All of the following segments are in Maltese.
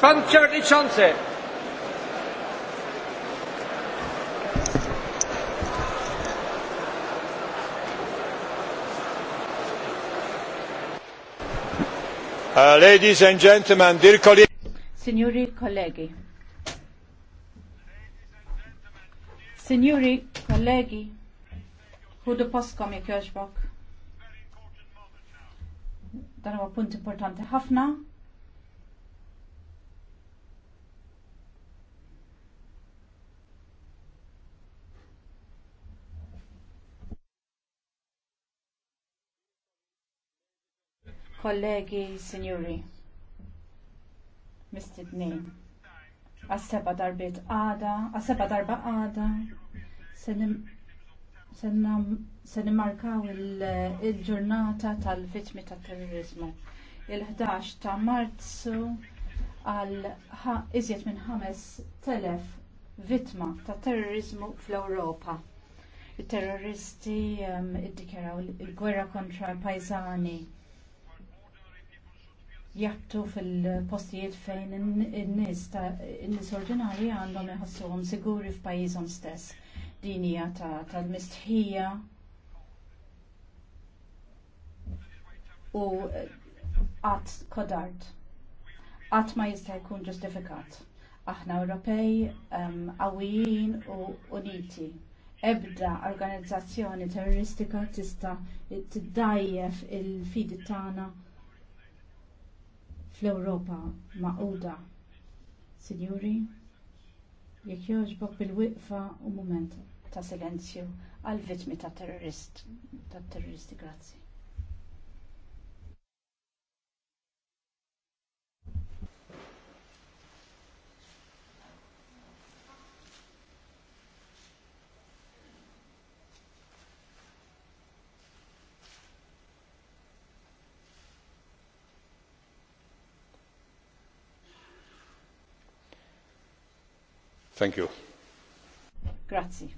Pan Chance. Uh, ladies and gentlemen, dear colleagues. Signori colleghi. Signori colleghi. Hudu poskom jek joġbok dan huwa punt importanti ħafna. Kollegi, sinjuri, mistidnin, għas-seba darbit għada, għas-seba darba għada, se nimmarkaw il ġurnata tal vittmi tat terrorizmu. Il-11 ta' marzu għal iżjed minn 5,000 vittma ta' terrorizmu fl-Ewropa. Il-terroristi um, iddikjaraw il-gwerra kontra l-pajzani jattu fil-postijiet fejn in-nies ordinari għandhom iħossuhom siguri f'pajjiżhom stess din hija tal-mistħija u qatt eh, kodart. Qatt ma jista' jkun ġustifikat. Aħna Ewropej qawwijin u uniti. Ebda organizzazzjoni terroristika tista' tiddajjef il-fidi tagħna fl-Ewropa maquda. Signori, jekk jogħġbok bil-wiqfa u mument ta' silenzju għal vittmi ta' terrorist, ta' terroristi, grazzi. Thank you. Grazzi.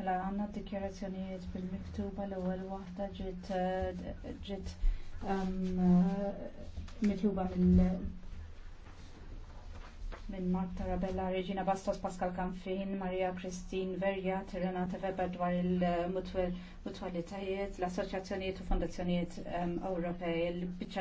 Mela għanna d dikjarazzjonijiet bil-miktuba l-ewwel waħda ġiet eh, ġiet ehm, eh, mitluba mill minn Marta Rabella, Regina Bastos, Pascal Canfin, Maria Christine Verja, Renata Weber dwar il-mutualitajiet, l-assoċjazzjonijiet u fondazzjonijiet ehm, Ewropej,